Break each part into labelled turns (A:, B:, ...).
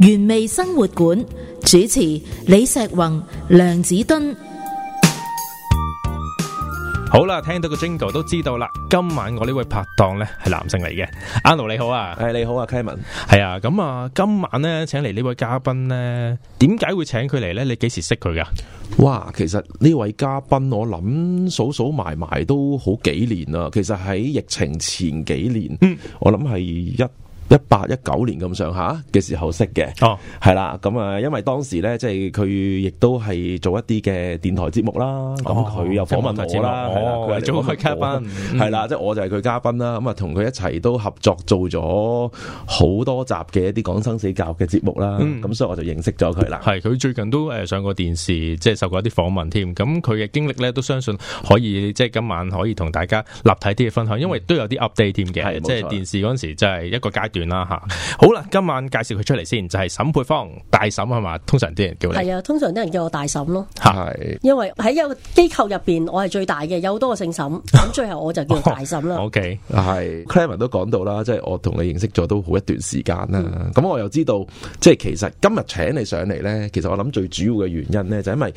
A: 原味生活館主持李石宏、梁子敦，
B: 好啦，聽到個 jingle 都知道啦。今晚我呢位拍檔咧係男性嚟嘅，阿奴你好啊，係你好啊，Kevin，係啊，咁啊，今晚咧請嚟呢位嘉賓咧，點解會請佢嚟咧？你幾時識佢
C: 噶？哇，其實呢位嘉賓我諗數數埋埋都好幾年啦。其實喺疫情前幾年，嗯、我諗係一。一八一九年咁上下嘅時候識嘅，哦，係啦，咁啊，因為當時咧，即係佢亦都係做一啲嘅電台節目啦，咁佢又訪問我啦，佢係做開嘉賓，係啦，即係我就係佢嘉賓啦，咁啊，同佢一齊都合作做咗好多集嘅一啲講生死教育嘅節目啦，咁所以我就認識咗佢啦。
B: 係，佢最近都誒上過電視，即係受過一啲訪問添，咁佢嘅經歷咧都相信可以，即係今晚可以同大家立體啲嘅分享，因為都有啲 update 添嘅，即係電視嗰陣時就係一個階段。啦吓， 好啦，今晚介紹佢出嚟先，就係、是、沈佩芳大嬸係嘛？通常啲人叫你。
A: 係啊，通常啲人叫我大嬸咯，
C: 係 因
A: 為喺一個機構入邊，我係最大嘅，有多個姓沈，咁最後我就叫
C: 大嬸啦。OK，係 Clayman 都講到啦，即、就、係、是、我同你認識咗都好一段時間啦，咁、嗯、我又知道，即、就、係、是、其實今日請你上嚟咧，其實我諗最主要嘅原因咧，就是、因為誒、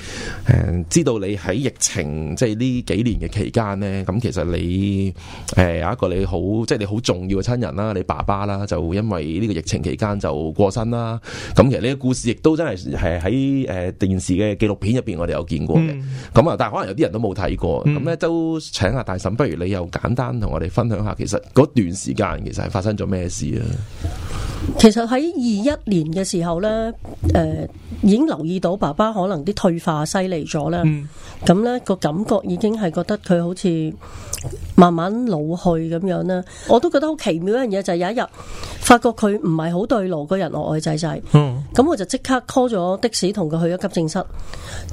C: 嗯、知道你喺疫情即係呢幾年嘅期間咧，咁其實你誒、呃、有一個你好即係你好重要嘅親人啦，你爸爸啦。就因為呢個疫情期間就過身啦，咁其實呢個故事亦都真係係喺誒電視嘅紀錄片入邊，我哋有見過嘅，咁啊，但係可能有啲人都冇睇過，咁咧、嗯、都請阿大嬸，不如你又簡單同我哋分享下，其實嗰段時間其實係發生咗咩事啊？
A: 其實喺二一年嘅時候呢，誒、呃、已經留意到爸爸可能啲退化犀利咗啦，咁、嗯、呢個感覺已經係覺得佢好似慢慢老去咁樣啦。我都覺得好奇妙一樣嘢就係、是、有一日發覺佢唔係好對路個人呆呆滯滯，咁、嗯、我就即刻 call 咗的士同佢去咗急症室。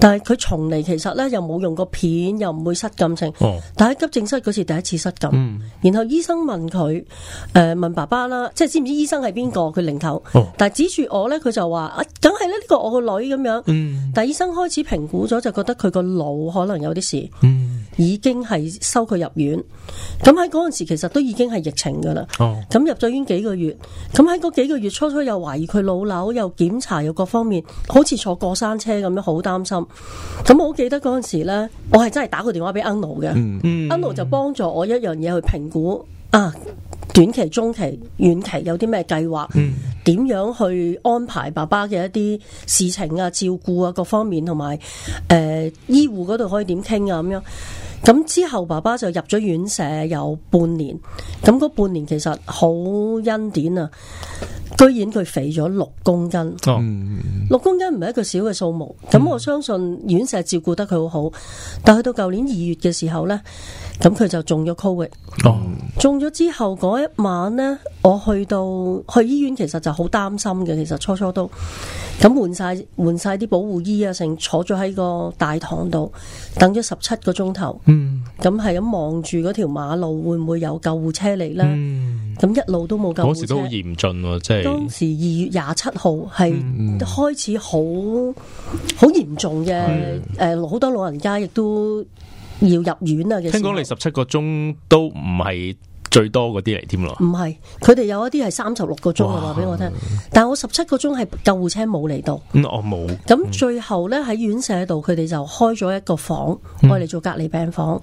A: 但係佢從嚟其實呢又冇用過片，又唔會失禁性。哦、但喺急症室嗰次第一次失禁，嗯、然後醫生問佢，誒、呃、問爸爸啦，即係知唔知醫生係邊？個佢擰頭，oh. 但係指住我咧，佢就話啊，梗係咧呢個我個女咁樣。Mm. 但係醫生開始評估咗，就覺得佢個腦可能有啲事，mm. 已經係收佢入院。咁喺嗰陣時，其實都已經係疫情噶啦。咁、oh. 入咗院幾個月，咁喺嗰幾個月，初初又懷疑佢腦瘤，又檢查又各方面，好似坐過山車咁樣，好擔心。咁我記得嗰陣時咧，我係真係打個電話俾 Enno 嘅 Enno 就幫助我一樣嘢去評估啊。短期、中期、遠期有啲咩計劃？嗯、點樣去安排爸爸嘅一啲事情啊、照顧啊各方面，同埋誒醫護度可以點傾啊咁樣。咁之後爸爸就入咗院舍有半年，咁半年其實好恩典啊！居然佢肥咗六公斤，
D: 哦，
A: 六公斤唔係一個小嘅數目。嗯、咁我相信院舍照顧得佢好好，但去到舊年二月嘅時候咧，咁佢就中咗 COVID，哦、嗯、中咗之後嗰一。一晚呢，我去到去醫院，其實就好擔心嘅。其實初初都咁換晒換晒啲保護衣啊，成坐咗喺個大堂度等咗十七個鐘頭。嗯，咁係咁望住嗰條馬路，會唔會有救護車嚟呢？咁、嗯、一路都冇救護車。時啊、當時都好
B: 嚴峻，即係當
A: 時二月廿七號係開始好好嚴重嘅。誒、嗯，好、呃、多老人家亦都要入院啊。聽講你
B: 十七個鐘都唔係。最多嗰啲嚟添咯，
A: 唔係，佢哋有一啲係三十六個鐘，話俾哇 我聽，但係我十七個鐘係救護車冇嚟到，
B: 我冇、嗯、咁、嗯嗯、最
A: 後呢，喺院舍度，佢哋就開咗一個房，我嚟做隔離病房，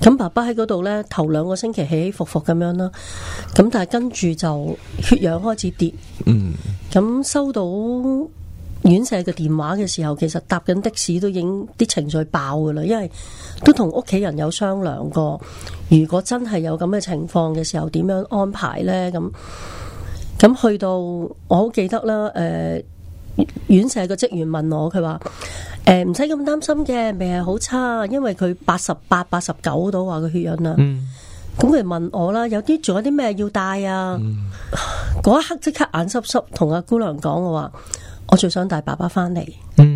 A: 咁、嗯、爸爸喺嗰度呢，頭兩個星期起起伏伏咁樣啦，咁但係跟住就血氧開始跌，嗯，咁收到院舍嘅電話嘅時候，其實搭緊的士都已經啲情緒爆噶啦，因為。都同屋企人有商量過，如果真係有咁嘅情況嘅時候，點樣安排呢？咁咁去到我好記得啦，誒、呃，院舍個職員問我，佢話：誒、呃，唔使咁擔心嘅，未係好差，因為佢八十八、八十九度，話個血氧啦。咁佢問我啦，有啲仲有啲咩要帶啊？嗰、嗯、一刻即刻眼濕濕，同阿姑娘講我話：我最想帶爸爸返嚟。嗯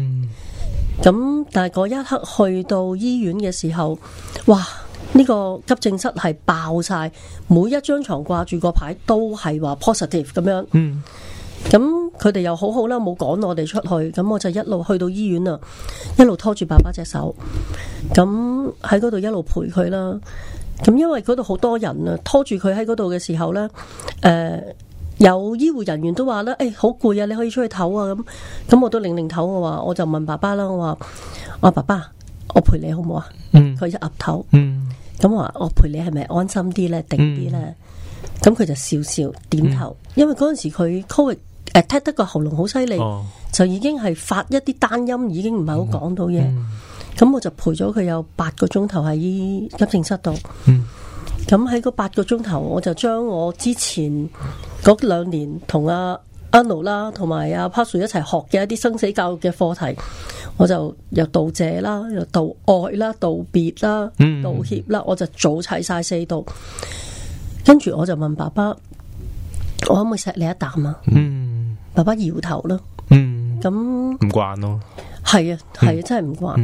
A: 咁但係嗰一刻去到醫院嘅時候，哇！呢個急症室係爆晒，每一張床掛住個牌都係話 positive 咁樣。嗯。咁佢哋又好好啦，冇趕我哋出去，咁我就一路去到醫院啊，一路拖住爸爸隻手，咁喺嗰度一路陪佢啦。咁因為嗰度好多人啊，拖住佢喺嗰度嘅時候呢。誒、呃。有醫護人員都話咧，誒好攰啊！你可以出去唞啊咁，咁我都擰擰頭我話，我就問爸爸啦，我話我爸爸，我陪你好唔好啊？佢一岌頭。嗯，咁我話我陪你係咪安心啲咧，定啲咧？咁佢、嗯、就笑笑點頭，因為嗰陣時佢 c 聽得個喉嚨好犀利，哦、就已經係發一啲單音，已經唔係好講到嘢。咁、嗯嗯、我就陪咗佢有八個鐘頭喺急症室度。嗯嗯嗯嗯咁喺個八個鐘頭，我就將我之前嗰兩年同阿阿奴啦，帕同埋阿 p a r 一齊學嘅一啲生死教育嘅課題，我就又道謝啦，又道愛啦，道別啦，嗯、道歉啦，我就早砌晒四道。跟住我就問爸爸：，我可唔可以錫你一啖啊？嗯、爸爸搖頭咯。咁唔慣咯，係那啊，係啊，啊啊嗯、真係唔慣。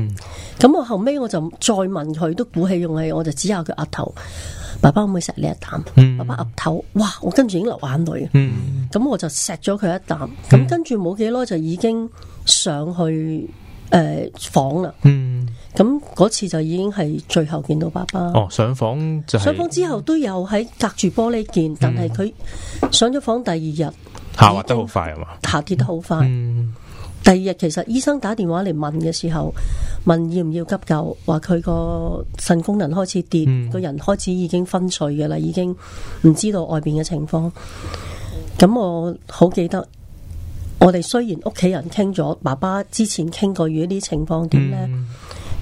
A: 咁、嗯、我後尾我就再問佢，都鼓起勇氣，我就指下佢額頭。爸爸可唔可以錫你一啖？嗯、爸爸岌頭，哇！我跟住已經流眼淚，咁、嗯、我就錫咗佢一啖，咁、嗯、跟住冇幾耐就已經上去誒、呃、房啦。嗯，咁嗰次就已經係最後見到爸爸。哦，
B: 上房就係、上房
A: 之後都有喺隔住玻璃見，嗯、但係佢上咗房第二日
B: 下滑得好快啊嘛？哎
A: 呃、下跌得好快。嗯嗯第二日其實醫生打電話嚟問嘅時候，問要唔要急救，話佢個腎功能開始跌，個、嗯、人開始已經昏睡嘅啦，已經唔知道外邊嘅情況。咁、嗯、我好記得，我哋雖然屋企人傾咗，爸爸之前傾過，如果啲情況點呢？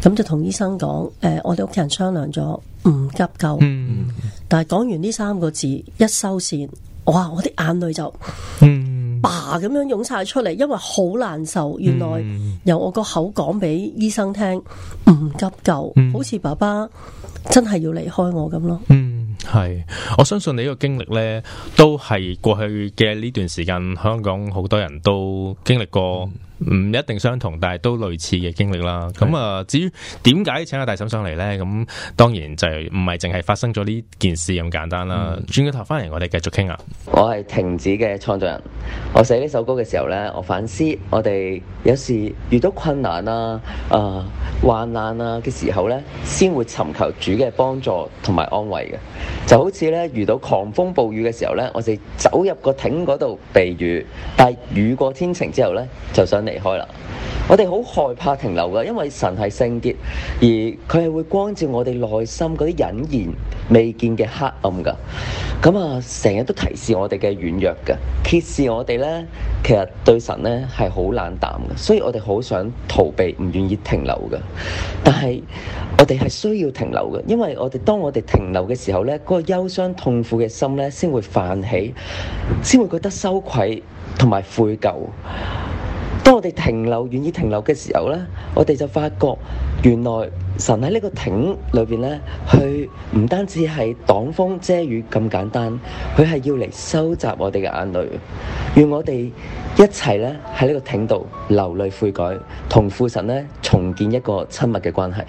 A: 咁、嗯、就同醫生講，誒、呃，我哋屋企人商量咗，唔急救。嗯、但係講完呢三個字一收線，哇，我啲眼淚就、嗯爸咁樣湧晒出嚟，因為好難受。原來由我個口講俾醫生聽，唔、嗯、急救，嗯、好似爸爸真係要離開我咁咯。嗯。
B: 係，我相信你呢個經歷呢，都係過去嘅呢段時間，香港好多人都經歷過，唔一定相同，但係都類似嘅經歷啦。咁啊是的，至於點解請阿大嬸上嚟？呢？咁當然就唔係淨係發生咗呢件事咁簡單啦。轉個頭翻嚟，我哋繼續傾啊。
E: 我係停止嘅創作人，我寫呢首歌嘅時候呢，我反思我哋有時遇到困難啊、啊、呃、患難啊嘅時候呢，先會尋求主嘅幫助同埋安慰嘅。就好似咧，遇到狂風暴雨嘅時候咧，我哋走入個亭嗰度避雨，但係雨過天晴之後咧，就想離開啦。我哋好害怕停留嘅，因為神係聖潔，而佢係會光照我哋內心嗰啲隱然未見嘅黑暗嘅。咁啊，成日都提示我哋嘅軟弱嘅，揭示我哋咧，其實對神咧係好冷淡嘅，所以我哋好想逃避，唔願意停留嘅，但係我哋係需要停留嘅，因為我哋當我哋停留嘅時候咧。嗰個憂傷痛苦嘅心咧，先會泛起，先會覺得羞愧同埋悔疚。當我哋停留、願意停留嘅時候咧，我哋就發覺原來神喺呢個亭裏邊咧，佢唔單止係擋風遮雨咁簡單，佢係要嚟收集我哋嘅眼淚，願我哋一齊咧喺呢個亭度流淚悔改，同父神咧重建一個親密嘅關係。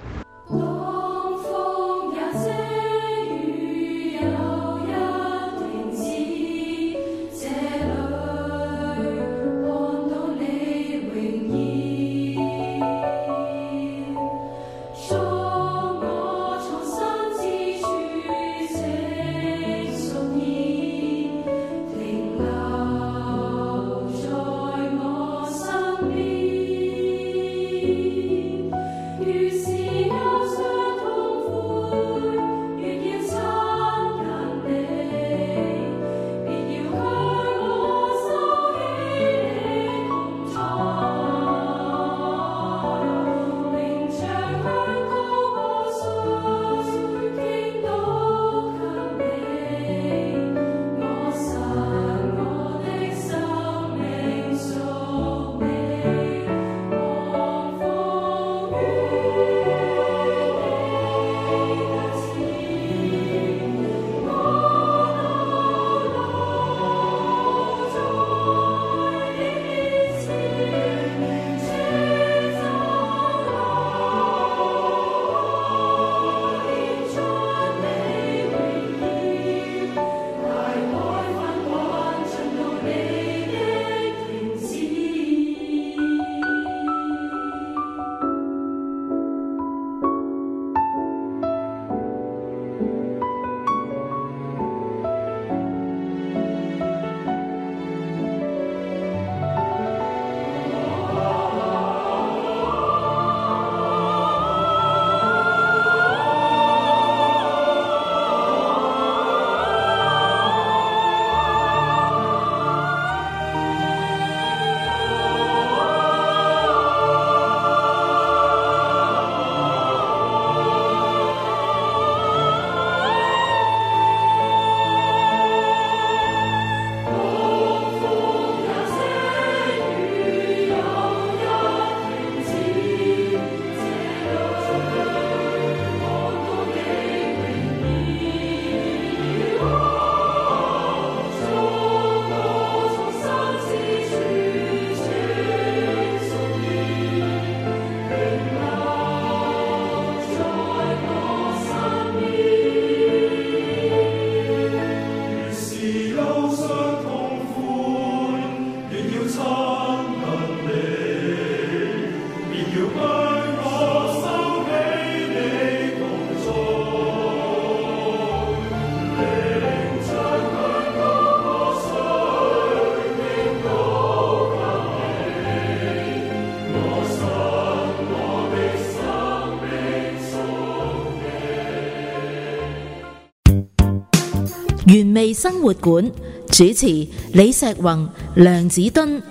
A: 生活館主持李石宏、梁子敦。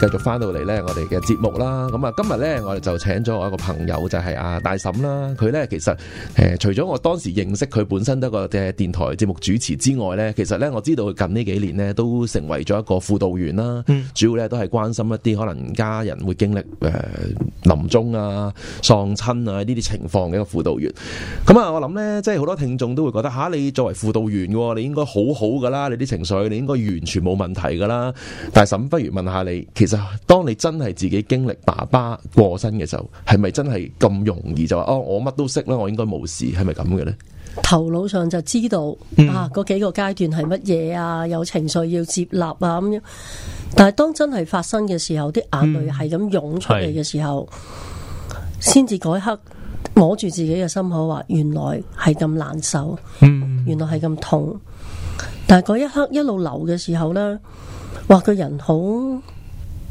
C: 繼續翻到嚟呢，我哋嘅節目啦，咁啊，今日呢，我哋就請咗我一個朋友，就係阿、啊、大嬸啦。佢呢，其實誒、呃，除咗我當時認識佢本身得個嘅電台節目主持之外呢，其實呢，我知道佢近呢幾年呢，都成為咗一個輔導員啦，嗯、主要呢，都係關心一啲可能家人會經歷誒臨終啊、喪親啊呢啲情況嘅一個輔導員。咁啊，我諗呢，即係好多聽眾都會覺得吓、啊，你作為輔導員，你應該好好噶啦，你啲情緒你應該完全冇問題噶啦。大嬸，不如問下你，其就當你真係自己經歷爸爸過身嘅時候，係咪真係咁容易就話哦？我乜都識啦，我應該冇事，係咪咁嘅呢？
A: 頭腦上就知道、嗯、啊，嗰幾個階段係乜嘢啊？有情緒要接納啊咁樣。但係當真係發生嘅時候，啲眼淚係咁湧出嚟嘅時候，先至嗰一刻，摸住自己嘅心口話，原來係咁難受，嗯、原來係咁痛。但係嗰一刻一路流嘅時候呢，話個人好。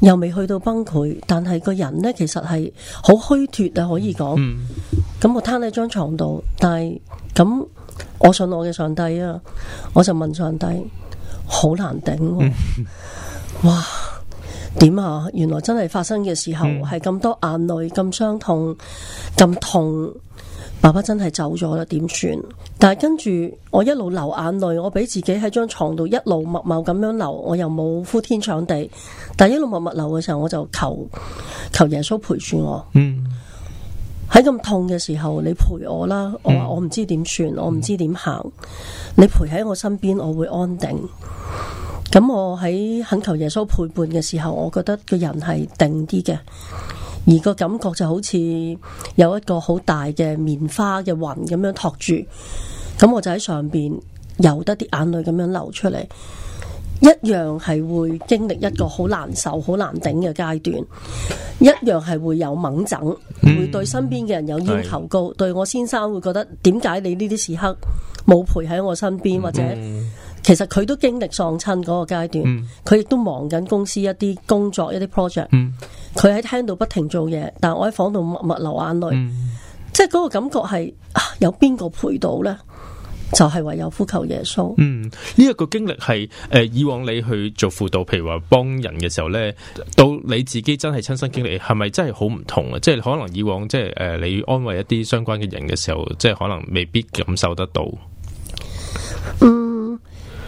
A: 又未去到崩潰，但係個人呢，其實係好虛脱啊，可以講。咁 我攤喺張床度，但係咁我信我嘅上帝啊，我就問上帝，好難頂、啊。 哇，點啊？原來真係發生嘅時候係咁 多眼淚，咁傷痛，咁痛。爸爸真係走咗啦，點算？但係跟住我一路流眼淚，我俾自己喺張床度一路默默咁樣流，我又冇呼天搶地。但係一路默默流嘅時候，我就求求耶穌陪住我。嗯，喺咁痛嘅時候，你陪我啦。我話我唔知點算，嗯、我唔知點行。你陪喺我身邊，我會安定。咁我喺懇求耶穌陪伴嘅時候，我覺得個人係定啲嘅。而個感覺就好似有一個好大嘅棉花嘅雲咁樣托住，咁我就喺上邊由得啲眼淚咁樣流出嚟，一樣係會經歷一個好難受、好難頂嘅階段，一樣係會有猛整，嗯、會對身邊嘅人有要求高，的對我先生會覺得點解你呢啲時刻冇陪喺我身邊，嗯、或者？其實佢都經歷喪親嗰個階段，佢、嗯、亦都忙緊公司一啲工作一啲 project，佢喺廳度不停做嘢，但我喺房度默默流眼淚，嗯、即係嗰個感覺係，有邊個陪到呢？就係、話、唯有呼求耶穌。嗯、
B: 呢、這、一個經歷係誒，以往你去做輔導，譬如話幫人嘅時候呢，到你自己真係親身經歷，係咪真係好唔同啊？即係可能以往即係、呃、你安慰一啲相關嘅人嘅時候，即係可能未必感受得到。
A: 嗯。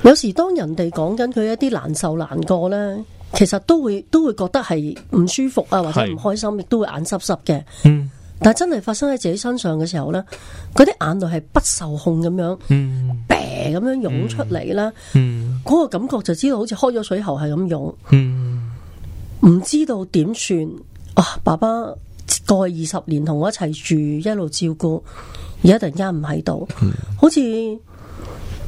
A: 有時當人哋講緊佢一啲難受難過呢，其實都會都會覺得係唔舒服啊，或者唔開心，亦都會眼濕濕嘅。是但係真係發生喺自己身上嘅時候呢，嗰啲眼淚係不受控咁樣，嗯樣嗯，嗯，咁樣湧出嚟啦。嗰個感覺就知道好似開咗水喉係咁湧。唔、嗯、知道點算啊！爸爸過去二十年同我一齊住，一路照顧，而家突然間唔喺度，嗯、好似。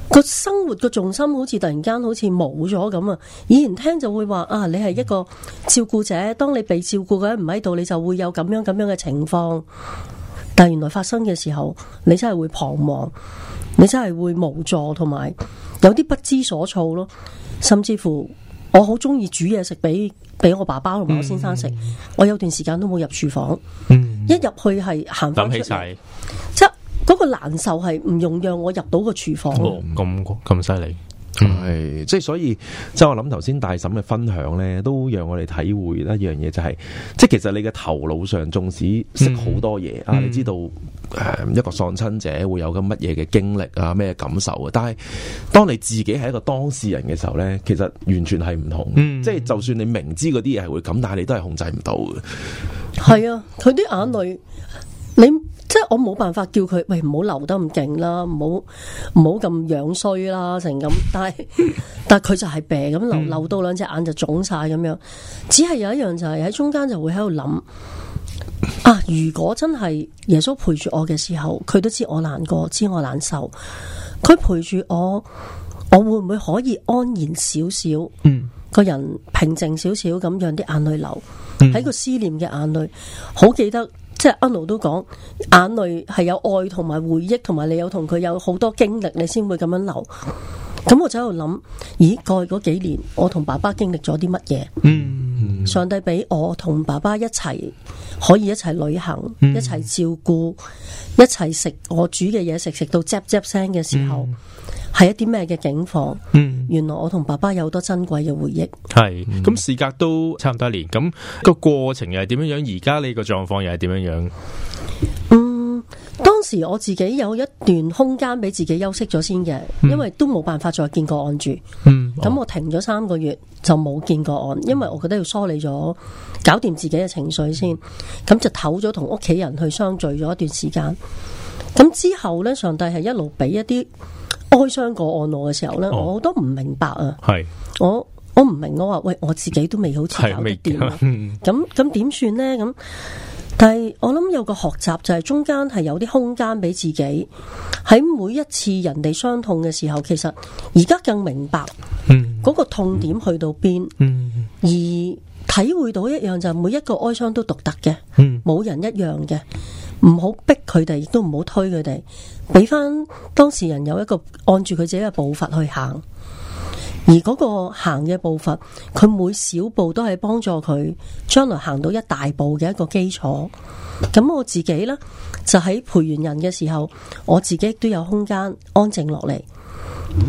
A: 個生活個重心好似突然間好似冇咗咁啊！以前聽就會話啊，你係一個照顧者，當你被照顧嘅人唔喺度，你就會有咁樣咁樣嘅情況。但原來發生嘅時候，你真係會彷徨，你真係會無助，同埋有啲不知所措咯。甚至乎我，我好中意煮嘢食俾俾我爸爸同埋我先生食，嗯、我有段時間都冇入廚房。嗯、一入去係行翻出嚟，嗰個難受係唔容讓我入到個廚房，
C: 咁咁犀利，係即係所以，即係我諗頭先大嬸嘅分享咧，都讓我哋體會一樣嘢，就是，就係即係其實你嘅頭腦上，縱使識好多嘢、嗯、啊，你知道誒、呃、一個喪親者會有咁乜嘢嘅經歷啊，咩感受啊，但係當你自己係一個當事人嘅時候咧，其實完全係唔同，嗯、即係就算你明知嗰啲嘢係會咁，但係你都係控制唔到
A: 嘅。係、嗯、啊，佢啲眼淚、嗯。嗯我冇辦法叫佢喂，唔好流得咁勁啦，唔好唔好咁樣衰啦，成咁。但係但係佢就係病咁流流到兩隻眼就腫晒咁樣。只係有一樣就係、是、喺中間就會喺度諗啊。如果真係耶穌陪住我嘅時候，佢都知我難過，知我難受。佢陪住我，我會唔會可以安然少少？嗯，個人平靜少少咁，讓啲眼淚流喺、嗯、個思念嘅眼淚，好記得。即係阿奴都講，眼淚係有愛同埋回憶，同埋你有同佢有好多經歷，你先會咁樣流。咁我就喺度諗，咦？過去嗰幾年，我同爸爸經歷咗啲乜嘢？嗯嗯、
D: 上
A: 帝俾我同爸爸一齊，可以一齊旅行，嗯、一齊照顧，一齊食我煮嘅嘢食，食到 zap zap 聲嘅時候，係、嗯、一啲咩嘅境況？嗯、原來我同爸爸有好多珍貴嘅回憶。
B: 係咁，事隔都差唔多一年，咁、個過程又係點樣樣？而家你個狀況又係點樣樣？嗯
A: 當時我自己有一段空間俾自己休息咗先嘅，因為都冇辦法再見過案主。嗯，咁、哦、我停咗三個月就冇見過案，因為我覺得要梳理咗、搞掂自己嘅情緒先，咁就唞咗同屋企人去相聚咗一段時間。咁之後呢，上帝係一路俾一啲哀傷個案我嘅時候呢，哦、我都唔明白啊。是。我我唔明我話喂，我自己都未好清楚點，咁咁點算呢？咁但係，我諗有個學習就係、是、中間係有啲空間俾自己，喺每一次人哋傷痛嘅時候，其實而家更明白，嗰個痛點去到邊，而體會到一樣就係每一個哀傷都獨特嘅，冇人一樣嘅，唔好逼佢哋，亦都唔好推佢哋，俾翻當事人有一個按住佢自己嘅步伐去行。而嗰個行嘅步伐，佢每小步都係幫助佢將來行到一大步嘅一個基礎。咁我自己呢，就喺陪完人嘅時候，我自己都有空間安靜落嚟，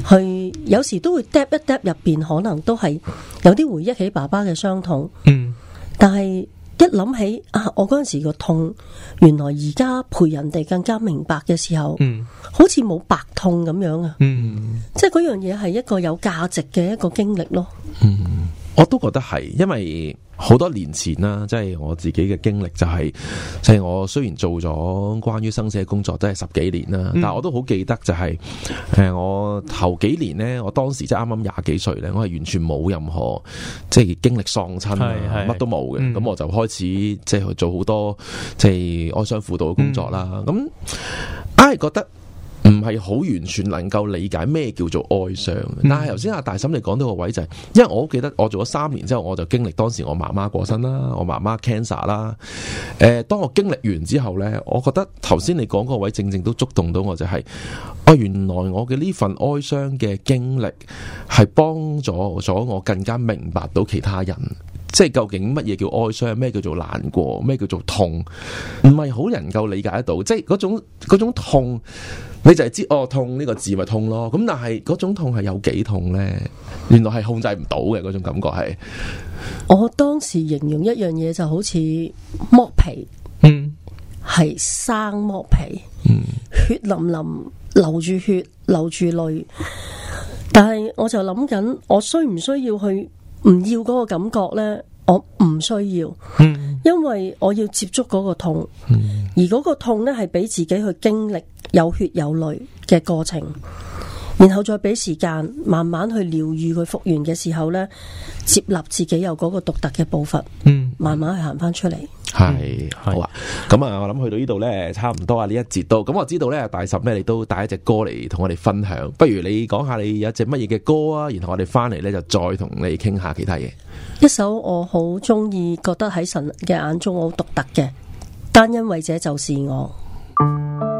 A: 去有時都會嗒一嗒入邊，可能都係有啲回憶起爸爸嘅傷痛。嗯，但係。一諗起啊，我嗰陣時個痛，原來而家陪人哋更加明白嘅時候，嗯，好似冇白痛咁樣啊，嗯，即係嗰樣嘢係一個有價值嘅一個經歷咯，嗯。
C: 我都覺得係，因為好多年前啦，即、就、係、是、我自己嘅經歷就係、是，即、就、係、是、我雖然做咗關於生死嘅工作都係十幾年啦，嗯、但係我都好記得就係、是，誒、呃、我頭幾年呢，我當時即係啱啱廿幾歲咧，我係完全冇任何即係經歷喪親乜、啊、都冇嘅，咁、嗯、我就開始即係做好多即係哀傷輔導嘅工作啦，咁我係覺得，唔係好完全能夠理解咩叫做哀傷。嗯、但係頭先阿大嬸你講到個位就係、是，因為我都記得我做咗三年之後，我就經歷當時我媽媽過身啦，我媽媽 cancer 啦。誒、呃，當我經歷完之後呢，我覺得頭先你講個位正正都觸動到我、就是，就係哦，原來我嘅呢份哀傷嘅經歷係幫助咗我更加明白到其他人，即係究竟乜嘢叫哀傷，咩叫做難過，咩叫做痛，唔係好能夠理解得到，即係嗰種嗰種痛。你就係知哦，痛呢個字咪痛咯，咁但係嗰種痛係有幾痛咧？原來係控制唔到嘅嗰種感覺係。
A: 我當時形容一樣嘢就好似剝皮，嗯，係生剝皮，嗯，血淋淋流住血流住淚，但係我就諗緊，我需唔需要去唔要嗰個感覺咧？我唔需要，因為我要接觸嗰個痛，而嗰個痛咧，係俾自己去經歷有血有淚嘅過程，然後再俾時間慢慢去療癒佢復原嘅時候咧，接納自己有嗰個獨特嘅步伐。嗯慢慢去行翻出嚟，
C: 係好啊！咁啊，我諗去到呢度咧，差唔多啊！呢一節都咁我知道咧，大十咧你都帶一隻歌嚟同我哋分享，不如你講下你有一隻乜嘢嘅歌啊？然後我哋翻嚟咧就再同你傾下其他嘢。
A: 一首我好中意，覺得喺神嘅眼中我好獨特嘅，單因為者就是我。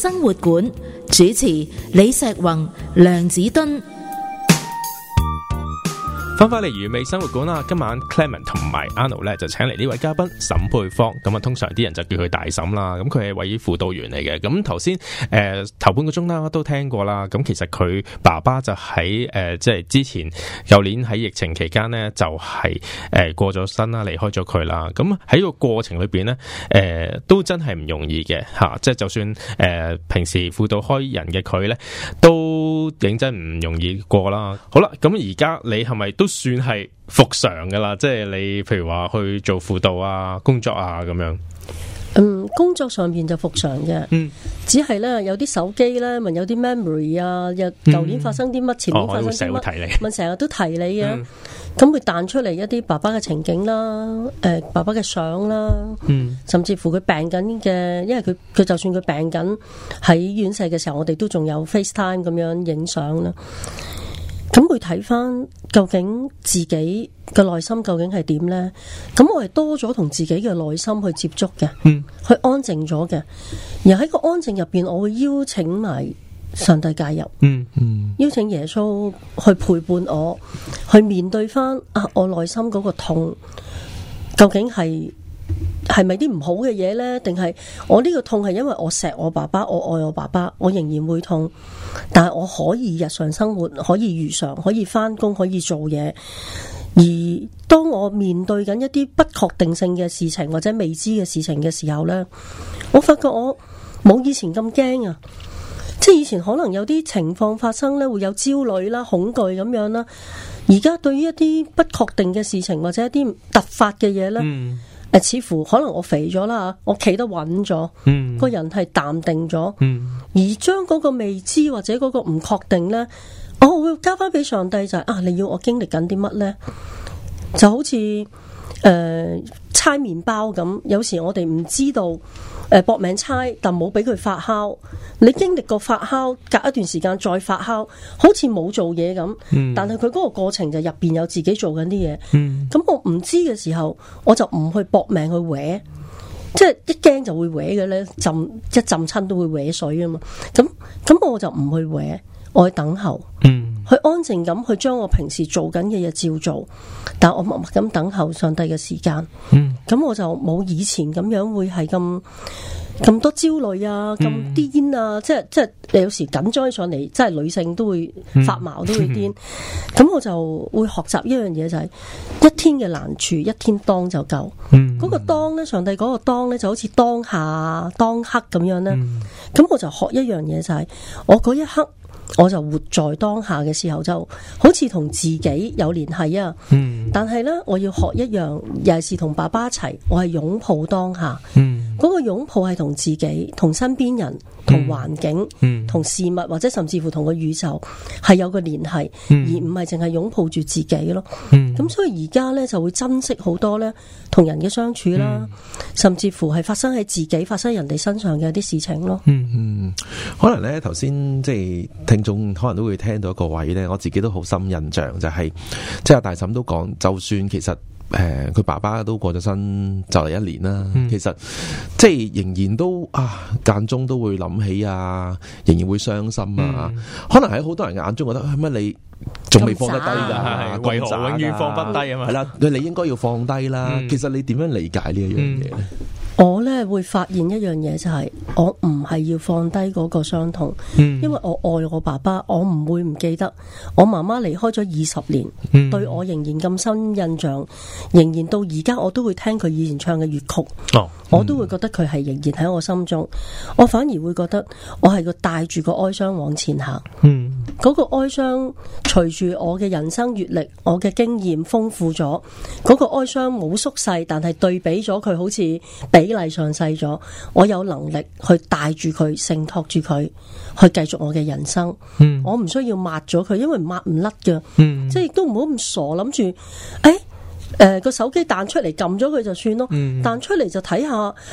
A: 生活館主持李石宏、梁子敦，
B: 翻返嚟《完美生活館》啦！今晚 Clement 同埋 Anu n、no、咧就請嚟呢位嘉賓沈佩芳，咁啊通常啲人就叫佢大沈啦。咁佢係位于輔導員嚟嘅。咁頭先誒。呃頭半個鐘啦，都聽過啦。咁其實佢爸爸就喺誒、呃，即係之前舊年喺疫情期間咧，就係、是、誒、呃、過咗身啦，離開咗佢啦。咁喺個過程裏邊咧，誒、呃、都真係唔容易嘅吓、啊。即係就算誒、呃、平時輔導開人嘅佢咧，都認真唔容易過啦。好啦，咁而家你係咪都算係復常噶啦？即係你譬如話去做輔導啊、工作啊咁樣。
A: 嗯，工作上面就復常嘅，嗯、只係咧，有啲手機咧問有啲 memory 啊，又舊年發生啲乜情、嗯、前年發生問成日都提你，啊、嗯。咁佢彈出嚟，一啲爸爸嘅情景啦，誒、呃，爸爸嘅相啦，嗯、甚至乎佢病緊嘅，因為佢佢就算佢病緊喺院舍嘅時候，我哋都仲有 face time 咁樣影相啦。咁會睇翻究竟自己嘅內心究竟係點呢？咁我係多咗同自己嘅內心去接觸嘅，嗯、去安靜咗嘅。而喺個安靜入邊，我會邀請埋上帝介入，嗯嗯、邀請耶穌去陪伴我，去面對翻啊我內心嗰個痛，究竟係。係咪啲唔好嘅嘢呢？定係我呢個痛係因為我錫我爸爸，我愛我爸爸，我仍然會痛，但係我可以日常生活可以如常，可以翻工，可以做嘢。而當我面對緊一啲不確定性嘅事情或者未知嘅事情嘅時候呢，我發覺我冇以前咁驚啊。即係以前可能有啲情況發生呢，會有焦慮啦、恐懼咁樣啦。而家對於一啲不確定嘅事情或者一啲突發嘅嘢呢。嗯誒、呃，似乎可能我肥咗啦，我企得穩咗，嗯、個人係淡定咗，
D: 嗯、
A: 而將嗰個未知或者嗰個唔確定咧、哦，我會交翻俾上帝就係、是、啊，你要我經歷緊啲乜咧，就好似。誒，猜麵、呃、包咁，有時我哋唔知道，誒、呃、搏命猜，但冇俾佢發酵。你經歷過發酵，隔一段時間再發酵，好似冇做嘢咁。嗯、但係佢嗰個過程就入邊有自己做緊啲嘢。咁、嗯、我唔知嘅時候，我就唔去搏命去搲，即係一驚就會搲嘅咧，浸一浸親都會搲水啊嘛。咁咁我就唔去搲，我去等候。嗯佢安靜咁去將我平時做緊嘅嘢照做，但我默默咁等候上帝嘅時間。嗯，咁我就冇以前咁樣會係咁咁多焦慮啊，咁癲、嗯、啊，即係即係有時緊張上嚟，即係女性都會發毛，都會癲。咁、嗯、我就會學習一樣嘢就係、是，一天嘅難處，一天當就夠。嗰、嗯、個當呢，上帝嗰個當呢，就好似當下當刻咁樣呢。咁、嗯嗯、我就學一樣嘢就係，我嗰一刻。我就活在當下嘅時候，就好似同自己有聯繫啊。嗯
D: ，mm. 但
A: 係咧，我要學一樣，尤其是同爸爸一齊，我係擁抱當下。嗯。Mm. 嗰個擁抱係同自己、同身邊人、嗯、同環境、嗯、同事物，或者甚至乎同個宇宙係有個聯繫，嗯、而唔係淨係擁抱住自己咯。咁、嗯、所以而家呢，就會珍惜好多呢同人嘅相處啦，嗯、甚至乎係發生喺自己、發生人哋身上嘅啲事情咯。嗯嗯、
C: 嗯，可能呢頭先即係聽眾可能都會聽到一個位呢，我自己都好深印象，就係、就係、即係大嬸都講，就算其實。誒，佢、呃、爸爸都過咗身就嚟一年啦，嗯、其實即係仍然都啊，間中都會諗起啊，仍然會傷心啊。嗯、可能喺好多人眼中覺得，乜、哎、你仲未放得低噶、啊啊，為何永遠放不低嘛放啊？係啦、嗯，你你應該要放低啦。其實你點樣理解呢一樣嘢咧？嗯嗯我呢會發
A: 現一樣嘢就係、是，我唔係要放低嗰個傷痛，嗯、因為我愛我爸爸，我唔會唔記得。我媽媽離開咗二十年，嗯、對我仍然咁深印象，仍然到而家我都會聽佢以前唱嘅粵曲，哦嗯、我都會覺得佢係仍然喺我心中。我反而會覺得我係個帶住個哀傷往前行，嗰、嗯、個哀傷隨住我嘅人生閱歷，我嘅經驗豐富咗，嗰、那個哀傷冇縮細，但係對比咗佢好似比，比例上細咗，我有能力去帶住佢，承托住佢，去繼續我嘅人生。嗯，我唔需要抹咗佢，因為抹唔甩嘅，嗯，即係亦都唔好咁傻諗住，誒。欸誒，個、呃、手機彈出嚟，撳咗佢就算咯，彈、嗯、出嚟就睇下，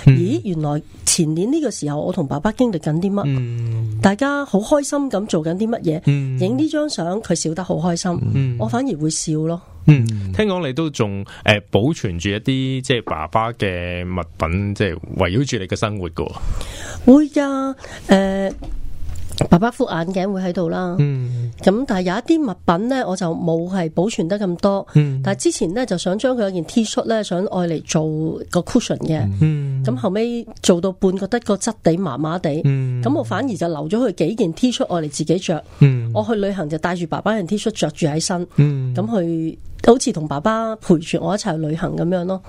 A: 咦，嗯、原來前年呢個時候我同爸爸經歷緊啲乜？嗯、大家好開心咁做緊啲乜嘢？影呢、嗯、張相佢笑得好開心，嗯、我反而會笑咯。嗯、聽講
B: 你都仲誒保存住一啲即係爸爸嘅物品，即係圍繞住你嘅生活噶。
A: 會噶，誒、呃。爸爸副眼鏡會喺度啦，咁、嗯、但係有一啲物品咧，我就冇係保存得咁多。嗯、但係之前咧，就想將佢有件 T 恤咧，想愛嚟做個 cushion 嘅。咁、嗯、後尾做到半，覺得個質地麻麻地，咁、嗯、我反而就留咗佢幾件 T 恤愛嚟自己着。嗯、我去旅行就帶住爸爸嘅 T 恤着住喺身，咁去、嗯。嗯好似同爸爸陪住我一齊去旅行咁樣咯，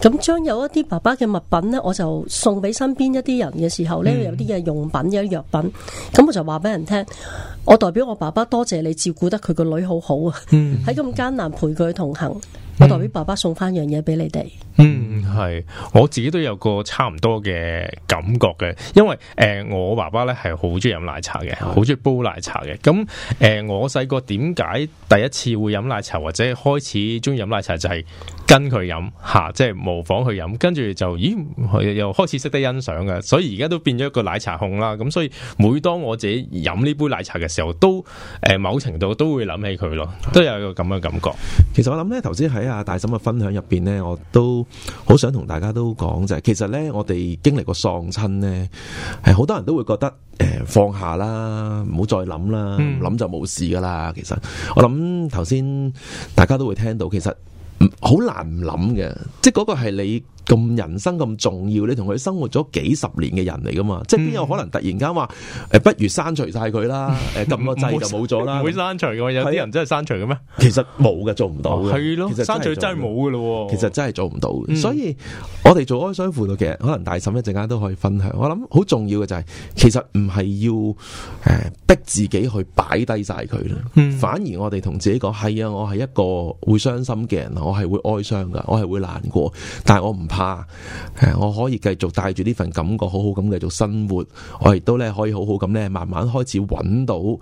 A: 咁將、嗯、有一啲爸爸嘅物品咧，我就送俾身邊一啲人嘅時候咧，嗯、有啲嘅用品，有啲藥品，咁我就話俾人聽。我代表我爸爸多謝你照顧得佢個女好好啊！嗯，喺咁艱難陪佢同行，嗯、我代表爸爸送翻樣嘢俾你哋。
B: 嗯，係我自己都有個差唔多嘅感覺嘅，因為誒、呃、我爸爸咧係好中意飲奶茶嘅，好中意煲奶茶嘅。咁、嗯、誒、呃、我細個點解第一次會飲奶茶或者開始中意飲奶茶就係、是、跟佢飲吓，即、啊、係、就是、模仿佢飲，跟住就咦又開始識得欣賞嘅，所以而家都變咗一個奶茶控啦。咁、啊嗯、所以每當我自己飲呢杯奶茶嘅時候都誒、呃，某程度都會諗起佢咯，都有一個咁嘅感覺。
C: 其實我諗咧，頭先喺阿大嬸嘅分享入邊咧，我都好想同大家都講就係、是，其實咧我哋經歷過喪親咧，係好多人都會覺得誒、呃、放下啦，唔好再諗啦，諗、嗯、就冇事噶啦。其實我諗頭先大家都會聽到，其實好難唔諗嘅，即係嗰個係你。咁人生咁重要，你同佢生活咗幾十年嘅人嚟噶嘛？即係邊有可能突然間話誒，不如刪除晒佢啦？誒、欸，撳個掣就冇咗啦？ 唔會
B: 刪除嘅？有啲人真係刪除嘅咩？
C: 其實冇嘅，做唔到嘅。係、啊、咯，其實刪除真係冇嘅咯。其實真係做唔到。嗯、所以我哋做哀傷輔導其實可能大嬸一陣間都可以分享。我諗好重要嘅就係、是，其實唔係要誒、呃、逼自己去擺低晒佢啦。嗯、反而我哋同自己講，係啊，我係一個會傷心嘅人，我係會哀傷噶，我係會難過，但係我唔怕。啊！我可以繼續帶住呢份感覺，好好咁繼續生活。我亦都咧可以好好咁咧，慢慢開始揾到誒，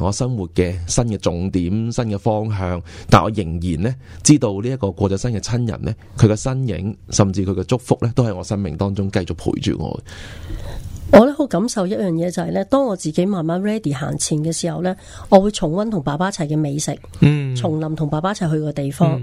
C: 我生活嘅新嘅重點、新嘅方向。但我仍然咧知道呢一個過咗身嘅親人咧，佢嘅身影甚至佢嘅祝福咧，都喺我生命當中繼續陪住我。
A: 我咧好感受一樣嘢就係咧，當我自己慢慢 ready 行前嘅時候咧，我會重溫同爸爸一齊嘅美食，嗯，重臨同爸爸一齊去嘅地方。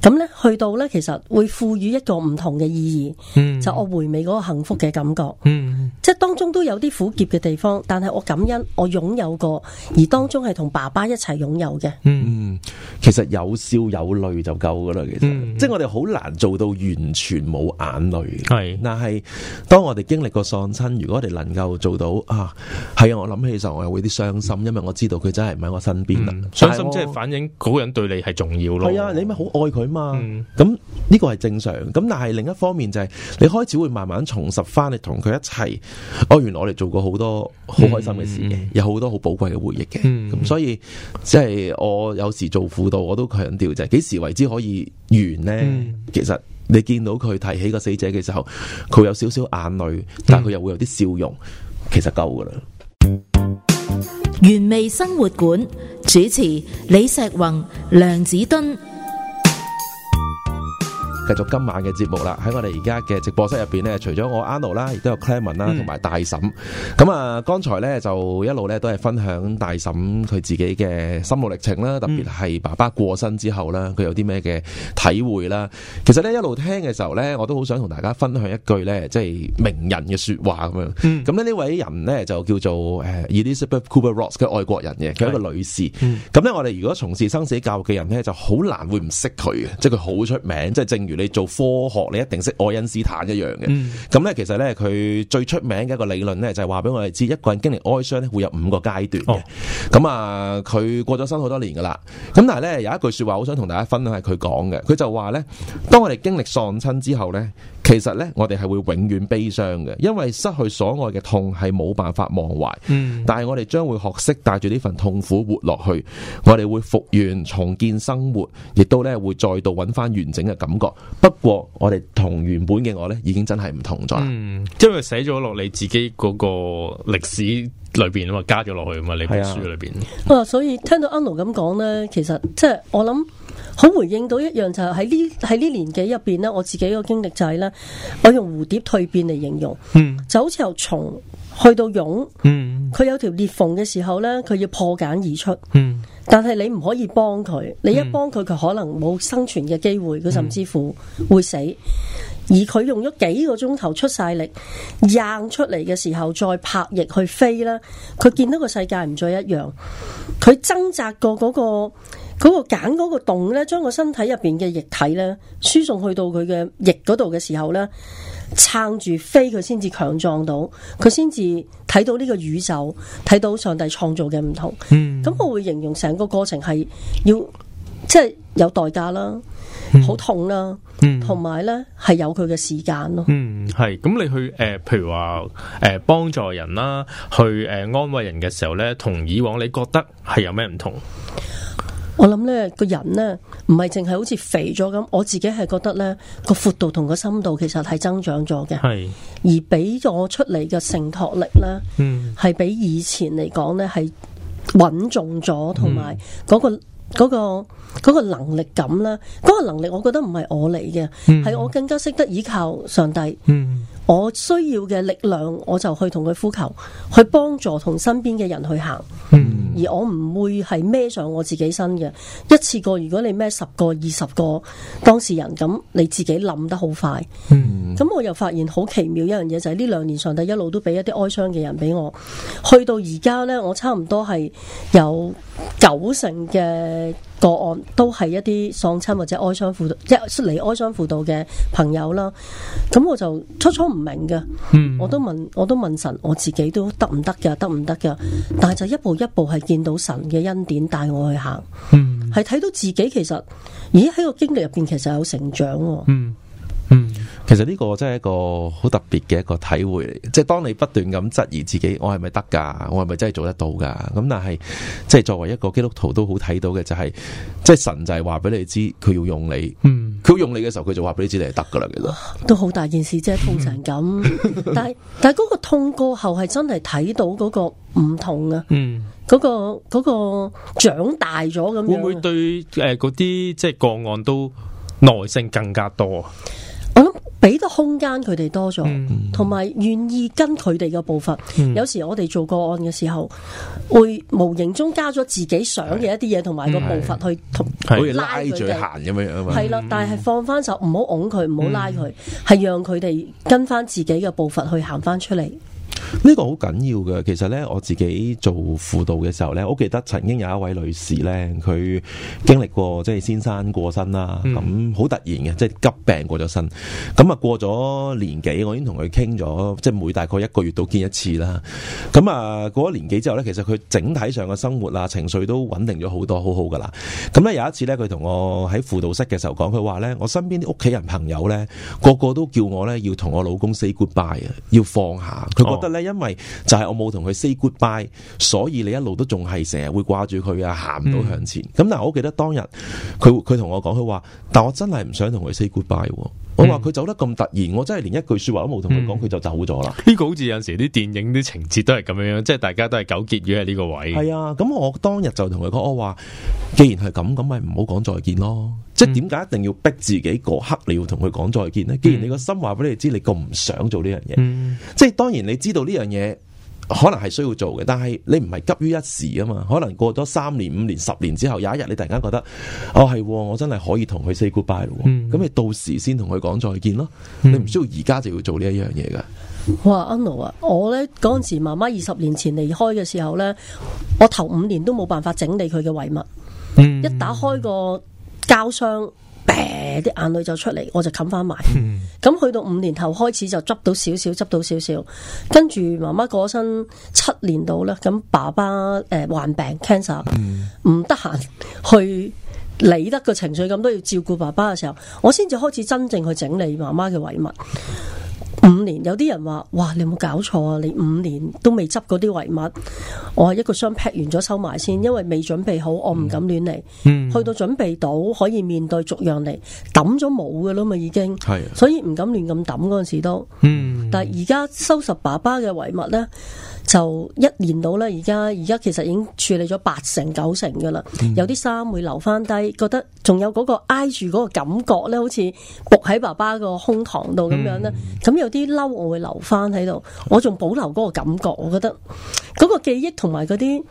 A: 咁咧、嗯、去到咧，其實會賦予一個唔同嘅意義。嗯、就我回味嗰個幸福嘅感覺。嗯，即係當中都有啲苦澀嘅地方，但係我感恩我擁有過，而當中係同爸爸一齊擁有嘅。嗯，
C: 其實有笑有淚就夠噶啦。其實，嗯、即係我哋好難做到完全冇眼淚。係的，但係當我哋經歷過喪親，如果我哋能夠做到啊，係啊！我諗起時候我又會啲傷心，嗯、因為我知道佢真係唔喺我身邊啦。傷、嗯、我心即係反映嗰人對你係重要咯。係啊，你咪好愛佢嘛。咁呢、嗯、個係正常。咁但係另一方面就係、是、你開始會慢慢重拾翻你同佢一齊。哦，原來我哋做過好多好開心嘅事嘅，嗯、有好多好寶貴嘅回憶嘅。咁、嗯、所以即係、就是、我有時做輔導，我都強調就係幾時為之可以完呢？嗯、其實。你見到佢提起個死者嘅時候，佢有少少眼淚，但佢又會有啲笑容，其實夠㗎喇。嗯、
A: 原味生活館主持李石宏、梁子敦。
C: 繼續今晚嘅節目啦，喺我哋而家嘅直播室入邊咧，除咗我 Anu、no、啦，亦都有 Clemen 啦，同埋大嬸。咁、嗯、啊，剛才呢就一路呢都係分享大嬸佢自己嘅心路歷程啦，特別係爸爸過身之後咧，佢有啲咩嘅體會啦。其實呢，一路聽嘅時候呢，我都好想同大家分享一句呢，即係名人嘅說話咁樣。咁咧呢位人呢，就叫做誒 Elizabeth Kübler-Ross，佢係外國人嘅，佢係一個女士。咁呢、嗯，我哋如果從事生死教育嘅人呢，就好難會唔識佢嘅，即係佢好出名，即、就、係、是、正如。你做科學，你一定識愛因斯坦一樣嘅。咁咧、嗯，其實咧佢最出名嘅一個理論咧，就係話俾我哋知，一個人經歷哀傷咧，會有五個階段嘅。咁、哦、啊，佢過咗身好多年噶啦。咁但係咧有一句說話，好想同大家分享係佢講嘅，佢就話咧，當我哋經歷喪親之後咧，其實咧我哋係會永遠悲傷嘅，因為失去所愛嘅痛係冇辦法忘懷。嗯、但係我哋將會學識帶住呢份痛苦活落去，我哋會復原重建生活，亦都咧會再度揾翻完，完整嘅感覺。不過我哋同原本嘅我咧，已經真係唔同咗啦。嗯，
B: 因為寫咗落你自己嗰個歷史裏邊啊嘛，加咗落去啊嘛，你本書裏邊。
A: 啊,嗯、啊，所以聽到阿盧咁講咧，其實即係我諗好回應到一樣就係喺呢喺呢年紀入邊咧，我自己個經歷就係、是、咧，我用蝴蝶蛻變嚟形容。嗯，就好似由蟲。去到蛹，佢、嗯、有條裂縫嘅時候呢，佢要破繭而出。嗯、但係你唔可以幫佢，你一幫佢，佢可能冇生存嘅機會，佢甚至乎會死。嗯、而佢用咗幾個鐘頭出晒力，掹出嚟嘅時候，再拍翼去飛啦。佢見到個世界唔再一樣。佢掙扎過嗰、嗰個嗰、嗰個繭嗰個洞呢，將個身體入邊嘅液體呢輸送去到佢嘅翼嗰度嘅時候呢。撐住飛佢先至強壯到，佢先至睇到呢個宇宙，睇到上帝創造嘅唔同。嗯，咁我會形容成個過程係要即係、就是、有代價啦，好痛啦，同埋咧係有佢嘅時間咯。嗯，
B: 係痛。咁、嗯嗯、你去誒、呃，譬如話誒幫助人啦，去誒、呃、安慰人嘅時候咧，同以往你覺得係有咩唔同？
A: 我諗咧個人咧，.唔係淨係好似肥咗咁，我自己係覺得呢個闊度同個深度其實係增長咗嘅，是而俾我出嚟嘅承托力呢，係、嗯、比以前嚟講呢，係穩重咗，同埋嗰個個。嗯嗰個嗰個能力感啦，嗰、嗰個能力，我覺得唔係我嚟嘅，係、嗯、我更加識得依靠上帝。嗯、我需要嘅力量，我就去同佢呼求，去幫助同身邊嘅人去行。嗯、而我唔會係孭上我自己身嘅。一次過，如果你孭十個、二十個當事人，咁你自己諗得好快。咁、嗯、我又發現好奇妙一樣嘢就係呢兩年，上帝一路都俾一啲哀傷嘅人俾我，去到而家呢，我差唔多係有九成嘅個案。都係一啲喪親或者哀傷輔導，即嚟哀傷輔導嘅朋友啦。咁我就初初唔明嘅，嗯、我都問我都問神，我自己都得唔得㗎，得唔得㗎？但係就一步一步係見到神嘅恩典帶我去行，係睇、嗯、到自己其實，咦喺個經歷入邊其實有成長、啊。嗯
C: 嗯，其實呢個真係一個好特別嘅一個體會嚟，即係當你不斷咁質疑自己，我是是，我係咪得噶？我係咪真係做得到噶？咁但係，即係作為一個基督徒都好睇到嘅，就係、是、即係神就係話俾你知，佢要用你。嗯，佢用你嘅時候，佢就話俾你知你係得噶啦。其實
A: 都好大件事，啊，即係痛成咁，但係但係嗰個痛過後係真係睇到嗰個唔同啊。嗯，嗰、那個嗰、那個長大咗咁樣，會唔會
B: 對誒嗰啲即係個案都耐性更加多啊？
A: 俾多空間佢哋多咗，同埋願意跟佢哋嘅步伐。嗯、有時我哋做個案嘅時候，會無形中加咗自己想嘅一啲嘢，同埋個步伐去同
C: 拉佢哋行咁樣啊嘛。係啦拉，但
A: 係放翻手，唔好拱佢，唔好、嗯、拉佢，係、嗯、讓佢哋跟翻自己嘅步伐去行翻出嚟。
C: 呢個好緊要嘅。其實咧我自己做輔導嘅時候咧，我記得曾經有一位女士咧，佢經歷過即係先生過身啦，咁好突然嘅，即係急病過咗身。咁啊過咗年幾，我已經同佢傾咗，即係每大概一個月都見一次啦。咁啊過咗年幾之後咧，其實佢整體上嘅生活啊、情緒都穩定咗好多，好好噶啦。咁咧有一次咧，佢同我喺輔導室嘅時候講，佢話咧，我身邊啲屋企人朋友咧，個個都叫我咧要同我老公 say goodbye，要放下，佢覺得咧係因為就係我冇同佢 say goodbye，所以你一路都仲係成日會掛住佢啊，行唔到向前。咁、嗯、但係我記得當日佢佢同我講佢話，但我真係唔想同佢 say goodbye。我話佢走得咁突然，我真係連一句說話都冇同佢講，佢、嗯、就走咗啦。
B: 呢個好似有陣時啲電影啲情節都係咁樣樣，即係大家都係糾結於喺呢個位。係啊，
C: 咁我當日就同佢講，我話既然係咁，咁咪唔好講再見咯。即係點解一定要逼自己嗰刻你要同佢講再見呢？既然你個心話俾你知，你咁唔想做呢樣嘢，嗯、即係當然你知道呢樣嘢可能係需要做嘅，但係你唔係急於一時啊嘛。可能過咗三年、五年、十年之後，有一日你突然間覺得哦係，我真係可以同佢 say goodbye 咯。咁、嗯、你到時先同佢講再見咯。嗯、你唔需要而家就要做呢一樣嘢㗎。
A: 哇，Anno 啊，我呢嗰陣時媽媽二十年前離開嘅時候呢，我頭五年都冇辦法整理佢嘅遺物，嗯、一打開個。交傷，呯啲眼淚就出嚟，我就冚翻埋。咁去、嗯、到五年後開始就執到少少，執到少少，跟住媽媽過身七年到咧，咁爸爸誒、呃、患病 cancer，唔得閒、嗯、去理得個情緒，咁都要照顧爸爸嘅時候，我先至開始真正去整理媽媽嘅遺物。五年有啲人話：哇，你有冇搞錯啊？你五年都未執嗰啲遺物，我係一個箱劈完咗收埋先，因為未準備好，我唔敢亂嚟。嗯，去到準備到可以面對逐樣嚟抌咗冇嘅咯嘛，已經的所以唔敢亂咁抌嗰陣時都。嗯，但係而家收拾爸爸嘅遺物呢。就一年到啦而家而家其實已經處理咗八成九成嘅啦。嗯、有啲衫會留翻低，覺得仲有個挨住、嗯、個感覺咧，好似伏喺爸爸個胸膛度咁樣咧。咁有啲嬲，我會留翻喺度，我仲保留個感覺，我覺得個記憶同埋啲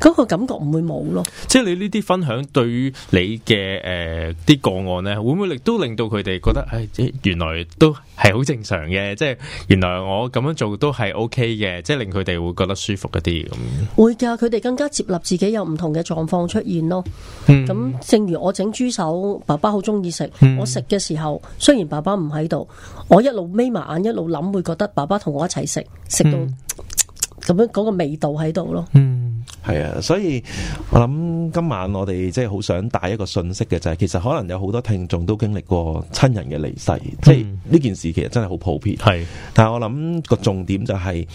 A: 個感覺唔會冇咯。
B: 即係你呢啲分享對於你嘅誒啲個案咧，會唔會亦都令到佢哋覺得誒誒、哎，原來都係好正常嘅，即係原來我咁樣做都係 OK 嘅，即係令佢哋。會覺得舒服一啲咁，
A: 會㗎，佢哋更加接納自己有唔同嘅狀況出現咯。咁、嗯，正如我整豬手，爸爸好中意食。嗯、我食嘅時候，雖然爸爸唔喺度，我一路眯埋眼，一路諗會覺得爸爸同我一齊食，食到咁、嗯、樣嗰個味道喺度咯。嗯
C: 係啊，所以我諗今晚我哋即係好想帶一個信息嘅就係，其實可能有好多聽眾都經歷過親人嘅離世，嗯、即係呢件事其實真係好普遍。係是，但係我諗個重點就係、是、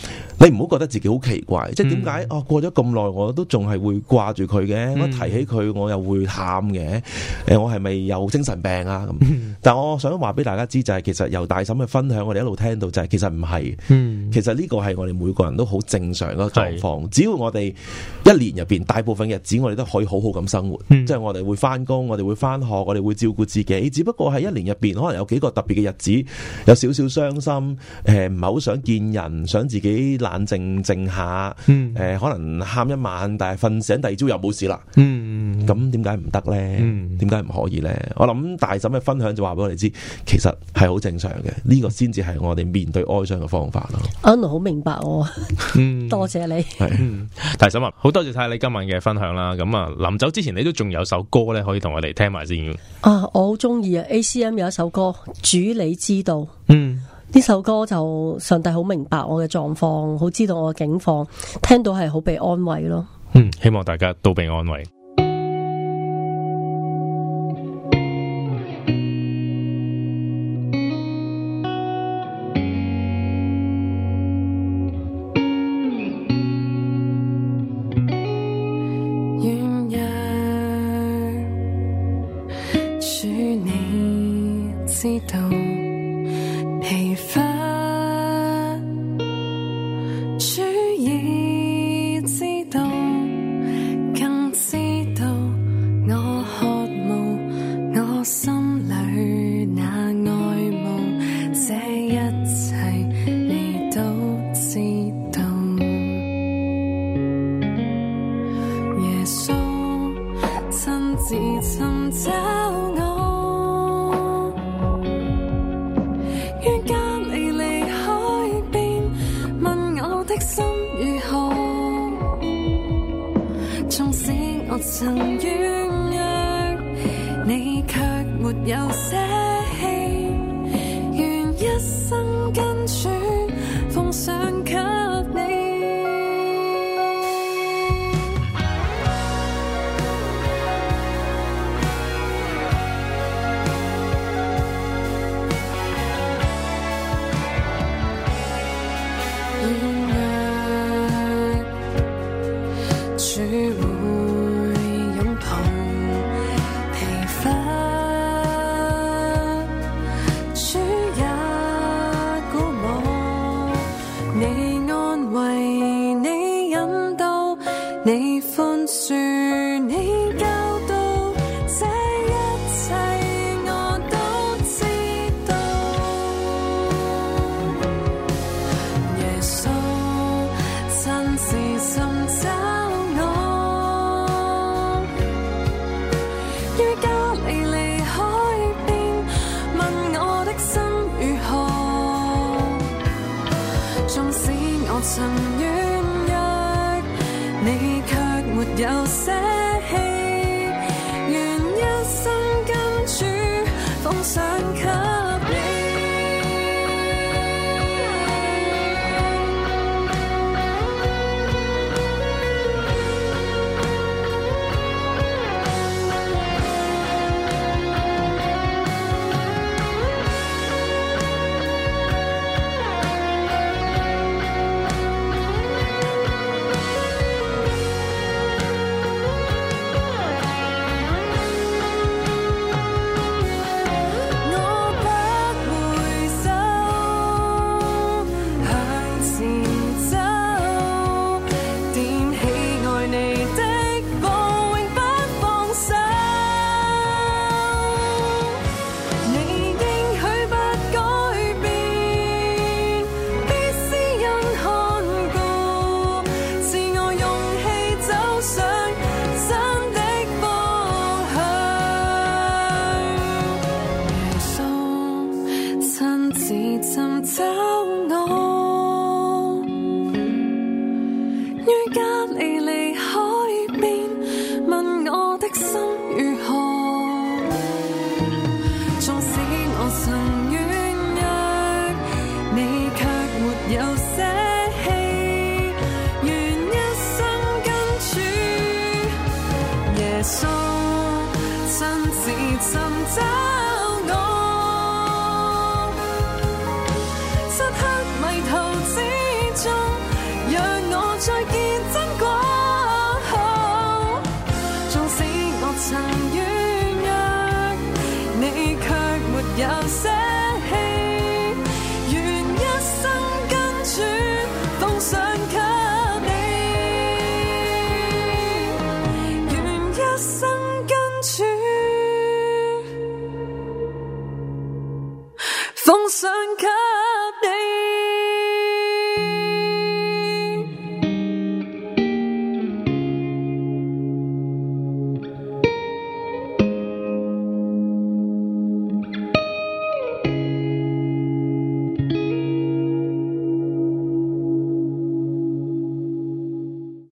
C: 你唔好覺得自己好奇怪，即係點解啊過咗咁耐我都仲係會掛住佢嘅，我、嗯、提起佢我又會喊嘅，誒、呃、我係咪有精神病啊？咁、嗯、但係我想話俾大家知就係、是，其實由大嬸嘅分享我哋一路聽到就係、是，其實唔係，嗯、其實呢個係我哋每個人都好正常嘅狀況，只要我哋。一年入邊，大部分日子我哋都可以好好咁生活，嗯、即係我哋會返工，我哋會返學，我哋會照顧自己。只不過係一年入邊，可能有幾個特別嘅日子，有少少傷心，誒唔係好想見人，想自己冷靜靜下，誒、呃、可能喊一晚，但係瞓醒第二朝又冇事啦。
D: 嗯，咁
C: 點解唔得咧？點解唔可以咧？我諗大嬸嘅分享就話俾我哋知，其實係好正常嘅，呢、這個先至係我哋面對哀傷嘅方法咯。
A: 安好明白我，多謝你。係
C: 大嬸啊，好多、嗯。多謝晒你今
B: 晚嘅分享啦，咁啊，臨走之前你都仲有首歌咧，可以同我哋聽埋先。
A: 啊，我好中意啊，ACM 有一首歌《主你知道》，嗯，呢首歌就上帝好明白我嘅狀況，好知道我嘅境況，聽到係好被安慰咯。嗯，
B: 希望大家都被安慰。